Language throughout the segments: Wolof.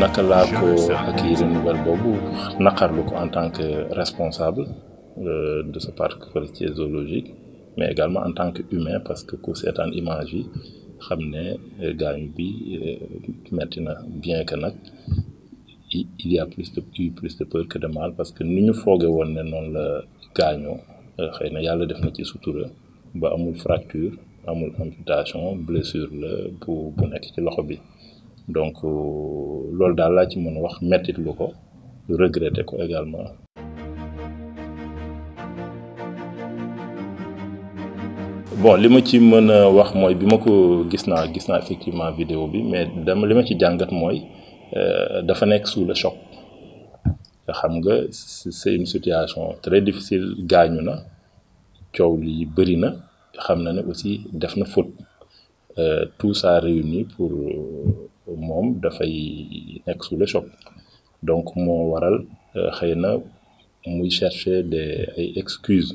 naka laa ko acquérir nouvelle Bobu. naqarlu ko en tant que responsable euh, de ce parc forestier zoologique mais également en tant que humain parce que ku seetaan image yi xamne ne euh, bi euh, bien que nak il y a plus de plus de peur que de mal parce que niñu ñu fooge woon ne le la gaañoo xëy na def na ci sutura ba amul fracture amul amputation blessure la bu bu nek ci loxo bi donc euh, loolu daal laa ci mën wax mettit lu ko ko également bon li ma ci mën a wax mooy bi ma ko gis naa gis naa effectivement vidéo bi mais dama li ma ci jàngat mooy euh, dafa nekk sous le choc xam nga c'est une situation très difficile gaañu na coow li bëri na xam na ne aussi def na faute euh, tout ça réuni pour moom dafay nekk sous le choc donc moo waral euh, xëy na muy chercher des ay excuses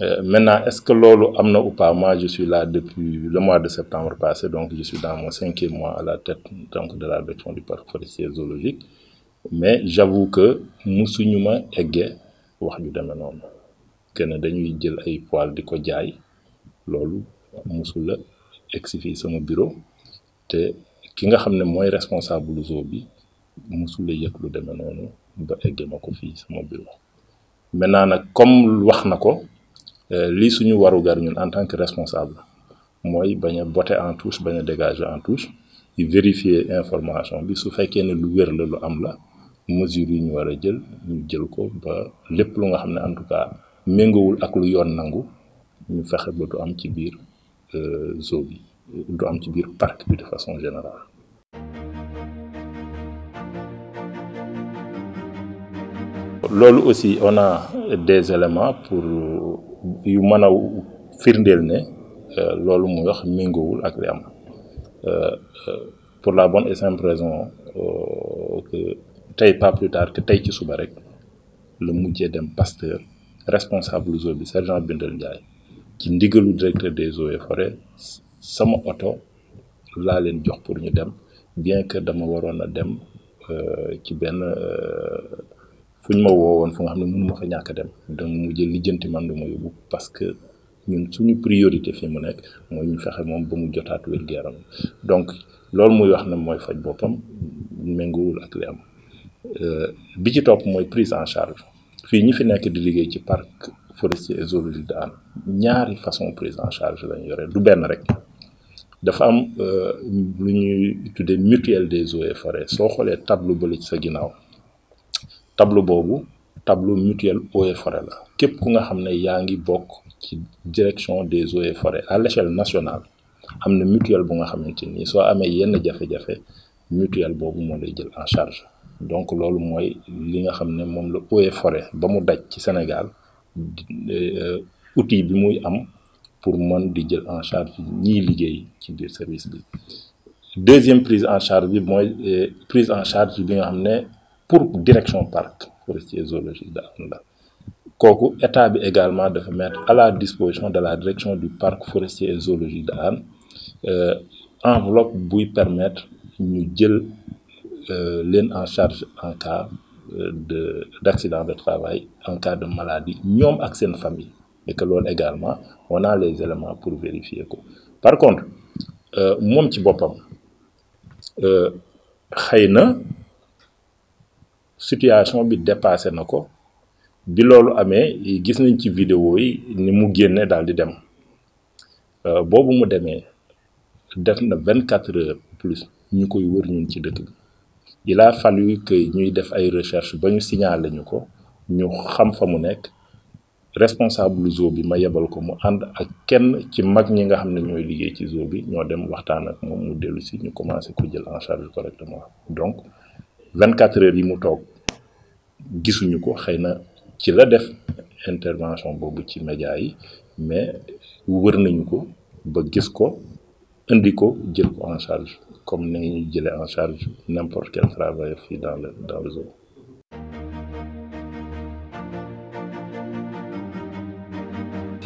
euh, maintenant est-ce que loolu am na ou pas moi je suis là depuis le mois de septembre passé donc je suis dans mon cinquième mois à la tête donc de la direction du parc forestier zoologique mais j'avoue que musuñu ma eggee wax ju demee noonu que ne dañuy jël ay poil di ko jaay loolu musu la egsi sama bureau te ki nga xam responsable zoo bi lu ba éggé mako fi sama bureau maintenant comme wax na ko euh, suñu gar ñun en tant que responsable responsable de boté en touche de dégager en touche y vérifier information bi su fekkee né lu wër la lu am la mesure yi ñu jël ñu jël ko ba lépp lu nga ce en tout cas ak lu yoon nangu ñu fexé ba du am ci biir euh, il am de façon générale. loolu aussi on a des éléments pour yu firndelne, a firndeel ne euh, loolu mu wax euh, euh, pour la bonne et simple raison que tey pas plus tard que tey ci suba rek le dem Pasteur responsable zoo le sergent Bindel Ndiaye est le directeur des eaux et forêts sama oto laa leen jox pour ñu dem bien que dama waroon a dem euh, ci benn euh, fu ñu ma woowoon fu nga xam ne mënu ma fa ñàkk dem donc mu jël lijjanti man du ma yóbbu parce que ñun suñu priorité fi mu nekk mooy ñu fexe moom ba mu jotaat wér gu yaram donc loolu muy wax na mooy faj boppam méngoowul ak li am euh, bi ci topp mooy prise en charge fii ñu fi nekk di liggéey ci parc forestier et zoologique de Hann ñaari façon prise en charge lañu yore du benn rek dafa am euh, lu ñuy tuddee mutuel des eaux et forêts soo xoolee tableau ba la ci sa ginnaaw tableau boobu tableau mutuel eaux et forêts la képp ku nga xam ne yaa ngi bokk ci direction des eaux et forêts à l'échelle nationale am na mutuelle bu nga xamante ni soo amee yenn jafe-jafe mutuel boobu moo lay jël en charge donc loolu mooy li nga xam ne moom la eaux et forêts ba mu daj ci Sénégal euh, outil bi muy am pour mën di jël en charge ni liggéey ci service deuxième prise en charge bi mooy eh, prise en charge bi nga pour direction parc forestier zoologique de kooku état également dafa mettre à la disposition de la direction du parc forestier et zoologique de euh, enveloppe buy permettre ñu jël eh, leen en charge en cas eh, d'accident de travail en cas de maladie ñoom ak seen famille et que loolu également on a les éléments pour vérifier quoi par contre euh, moom ci boppam euh, xëy na situation bi dépassé na ko bi amé amee gis nañ ci vidéo yi ni mu génne daal di dem euh, boobu mu demee def na vingt heures plus ñu koy wër ñun ci dëkk bi il a fallu que ñuy def ay recherche ba ñu signaler ñu ko ñu xam fa mu nekk responsable zoo bi ma yebal ko mu ànd ak kenn ci mag ñi nga xam ne ñooy liggéey ci zoo bi ñoo dem waxtaan ak moom mu dellu si ñu commencé ko jël en charge correctement donc 24 heures yi mu toog gisuñu ko xëy na ci la def intervention boobu ci média yi mais wër nañu ko ba gis ko indi ko jël ko en charge comme ni ñu jëlee en charge n'importe quel travailleur fii dans le dans le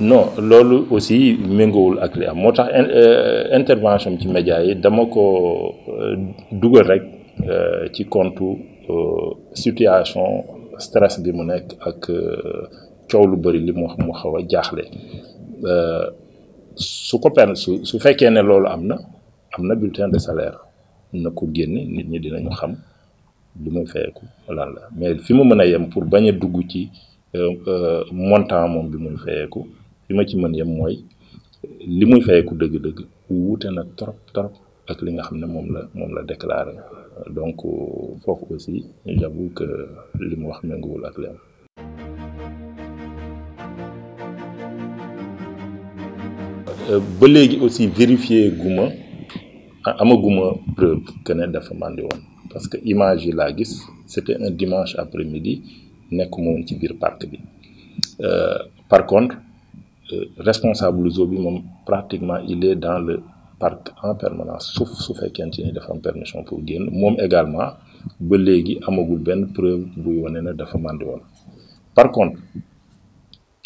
non loolu aussi méngoowul ak li am moo tax euh, intervention ci média yi dama ko euh, dugal rek euh, ci compte situation stress bi mu nekk ak coow lu bëri li mu mu xaw a jaaxle su ko pen su su fekkee ne loolu am na am na bulletin de salaire na ko génne nit ñi dinañu xam du muy fayeku lan la mais fi mu mën a yem pour bañ a dugg ci montant moom bi muy fayeku li ma ci mën yem mooy li muy fayeku dëgg-dëgg wuute na trop trop ak li nga xam ne moom la moom la déclaré donc foofu aussi j'avoue que li mu wax méngoowul ak li am ba léegi aussi vérifier guma ah, amaguma preuve que ne dafa màndi woon parce que image yi laa gis c'était un dimanche après-midi nekkuma woon ci biir parc bi euh, par contre euh, responsable zoo bi pratiquement il est dans le parc en permanence sauf su fekkente ni dafa am permission pour guen mom également ba légui amagul ben preuve bu wane ne dafa màndi won par contre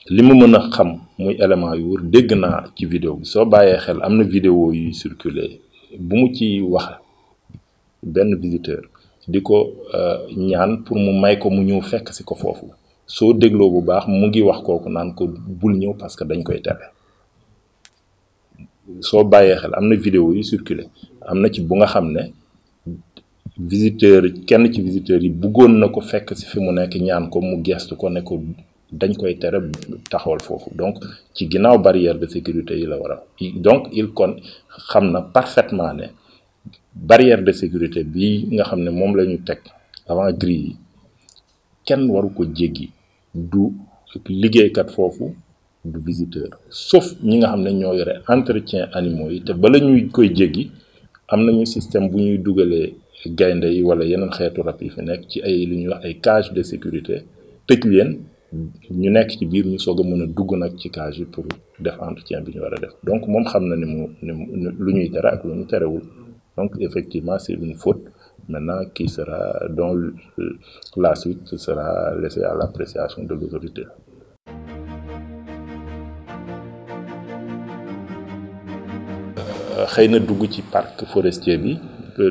limu meuna xam muy élément yu wër dégg naa ci vidéo bi so baye xel amna vidéo yu circulé bu mu ci wax ben visiteur diko euh, ñaan pour mu may ko mu ñëw fekk ci ko fofu So dégloo bu baax mu wax kooku naan ko bul parce que dañ koy tere soo bàyyee xel am vidéo yi circulé am ci bu nga xam visiteur kenn ci visiteurs yi buggoon na fekk si ne dañ koy tere taxawal foofu donc ci barrière de sécurité yi la donc il kon xam parfaitement barrière de sécurité nga la grille kenn waru du liggéeykat foofu du visiteur sauf ñi nga xam ne ñoo yore entretien animaux yi te bala ñuy koy jéggi am nañu système bu ñuy dugalee gaynde yi wala yeneen xeetu rab yi fi nekk ci ay li ñuy wax ay cage de sécurité tëj leen ñu nekk ci biir ñu soog a mën a dugg nag ci cage yi pour def entretien bi ñu war a def donc moom xam na ni mu ni lu ñuy tere ak lu ñu terewul donc effectivement c'est une faute maintenant qui sera, dont la suite sera laissée à l'appréciation de l'autorité. xeyna dugg ci parc forestier bi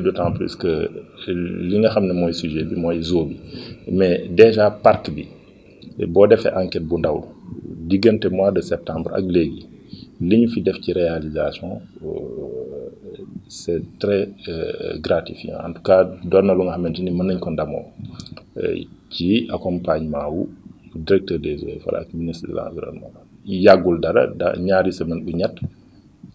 d'autant plus que li nga xam ne mooy sujet bi mooy zoo bi mais déjà parc bi boo defee enquête bu ndaw diggante mois de septembre ak léegi li ñu fi def ci réalisation euh, c'est très euh, gratifiant en tout cas doon na lu nga xamante ni mën nañ ko ndamoo euh, ci accompagnement wu directeur des eaux et forêts ak ministre de l'environnement yàggul dara daa ñaari semaine bu ñett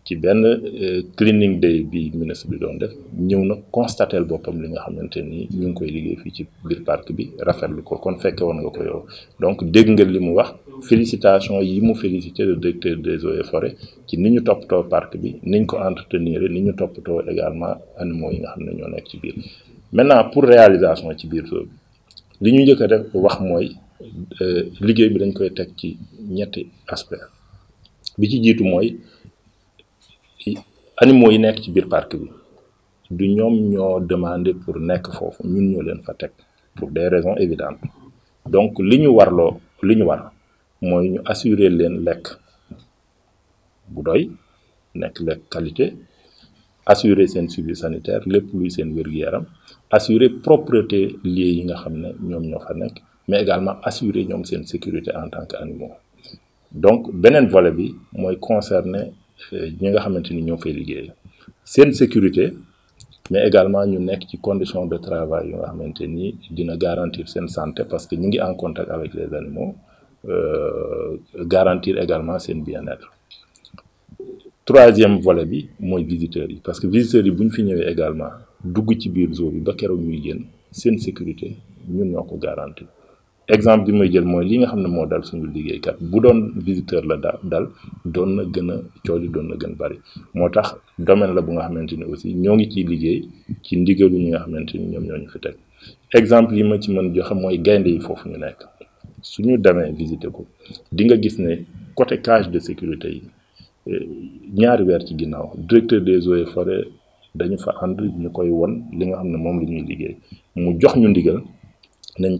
ci benn euh, cleaning day bi ministre bi doon def ñëw na constater boppam li nga xamante ni ñu ngi koy liggéey fii ci biir parc bi rafetlu ko kon fekke woon nga ko yow donc dégg nga li mu wax félicitation yi mu félicité le directeur des eaux et forêts ci ni ñu toppatoo parc bi niñ ko entretenir ni ñu toppatoo également animaux yi nga xam ne ñoo nekk ci biir maintenant pour réalisation ci biir soo li ñu njëkk a def wax mooy euh, liggéey bi dañ koy teg ci ñetti aspect bi ci jiitu mooy animaux yi nekk ci biir parc bi du ñoom ñoo demandé pour nekk foofu ñun ñoo leen fa teg pour des raisons évidentes donc li ñu warloo li ñu war mooy ñu assurer leen lekk bu doy nekk lekk qualité assurer seen suivi sanitaire lépp luy seen wér-gu-yaram assurer propreté lieux yi nga xam ne ñoom ñoo fa nekk mais également assurer ñoom seen sécurité en tant animaux donc beneen volet bi mooy concerner eh, ñi nga xamante ni fay sécurité mais également ñu nekk ci condition de travail qui nga xamante ni dina garantir santé parce que ñu ngi en contact avec les animaux euh, garantir également seen bien-être troisième volet bi mooy visiteurs parce que visiteurs yi bu ñu fi ñëwee également dugg ci biir zoo bi ba keroog ñuy sécurité ñun ñoo ko garantir exemple bi may jël mooy li nga xam ne dal suñu bu doon visiteur la dal doon na gën a doon na gën bari domaine la bu nga aussi ñoo ngi ciy ci nga ni ñoom fi teg exemple yi ma ci mën joxe mooy gaynde yi ñu nekk suñu visiter ko di nga gis ne côté cage de sécurité eh, ñaari weer ci ginnaaw directeur des eaux et forêts dañu fa ànd ñu koy won li nga xam ne moom ñuy liggéey mu jox ñu ndigal nañ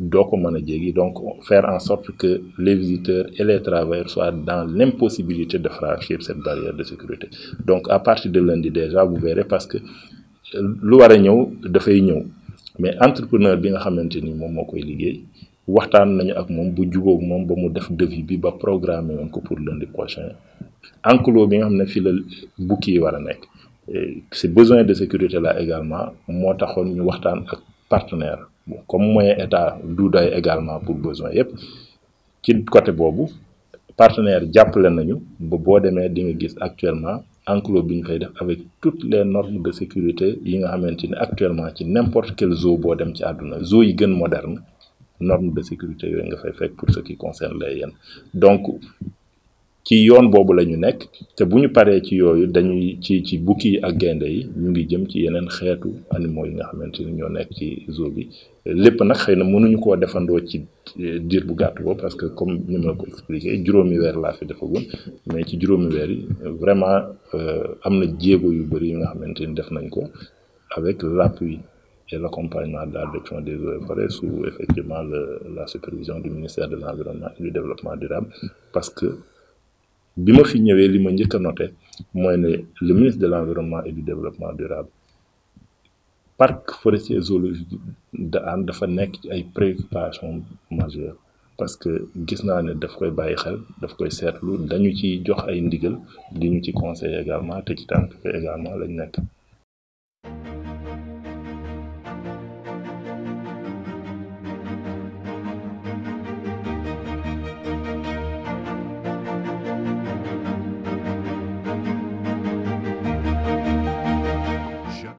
donc faire en sorte que les visiteurs et les travailleurs soient dans l'impossibilité de franchir cette barrière de sécurité donc à partir de lundi déjà vous verrez parce que euh, lu war de faire une ñëw mais entrepreneur bi nga xamante ni moom moo waxtaan nañu ak moom bu jubóobu moom ba mu def devis bi ba programmer pour lundi prochain enclos bi nga xam ne fii la bukki ces besoins de sécurité là également moo taxoon ñu waxtaan ak partenaire comme moyen état également pour besoin et ci côté bobu partenaire jàppale nañu bo actuellement enclos avec toutes les normes de sécurité yi nga actuellement n'importe quel zoo bo dem ci zoo yi moderne normes de sécurité pour ce qui concerne les donc ci yoon boobu lañu ñu nekk te bu ñu paree ci yooyu dañuy ci ci bukki ak gaynde yi ñu ngi jëm ci yeneen xeetu animaux yi nga xamante ni ñoo nekk ci zoo bi lépp nak xëy na mënuñu koo defandoo ci eh, diir bu gàtt boobu parce que comme ñu ma ko expliqué juróomi weer laa fi defagul mais ci juróomi weer yi vraiment euh, am na jéego yu bëri yu nga xamante ni def nañ ko avec l'appui et l'accompagnement de la direction des eaux et forêts sous effectivement le, la supervision du ministère de l'environnement et du développement durable parce que bi ma fi ñëwee li ma njëkk a noté mooy ne le ministre de l' environnement et du développement durable parc forestier zoologique de Hann dafa nekk ci ay préoccupations majeures parce que gis naa ne daf koy bàyyi xel daf koy seetlu dañu ci jox ay ndigal di ñu ci conseiller également te ci tànk également lañ nekk.